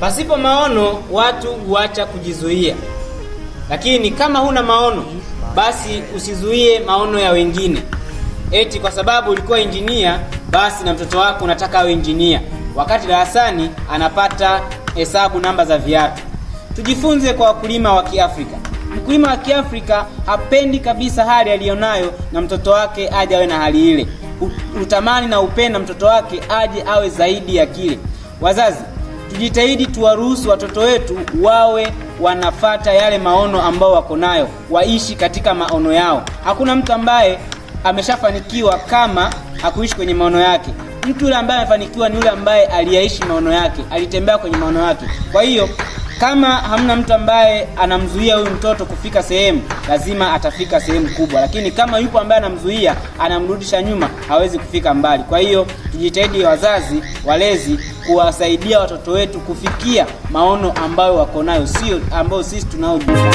Pasipo maono watu huacha kujizuia, lakini kama huna maono, basi usizuie maono ya wengine, eti kwa sababu ulikuwa injinia, basi na mtoto wako unataka awe injinia, wakati darasani anapata hesabu, namba za viatu. Tujifunze kwa wakulima wa Kiafrika. Mkulima wa Kiafrika hapendi kabisa hali aliyonayo, na mtoto wake aje awe na hali ile. Utamani na upenda mtoto wake aje awe zaidi ya kile. Wazazi Tujitahidi tuwaruhusu watoto wetu wawe wanafata yale maono ambao wako nayo, waishi katika maono yao. Hakuna mtu ambaye ameshafanikiwa kama hakuishi kwenye maono yake. Mtu yule ambaye amefanikiwa ni yule ambaye aliyaishi maono yake, alitembea kwenye maono yake. Kwa hiyo kama hamna mtu ambaye anamzuia huyu mtoto kufika sehemu, lazima atafika sehemu kubwa, lakini kama yupo ambaye anamzuia, anamrudisha nyuma, hawezi kufika mbali. Kwa hiyo tujitahidi, wazazi walezi kuwasaidia watoto wetu kufikia maono ambayo wako nayo, sio ambayo sisi tunaojua.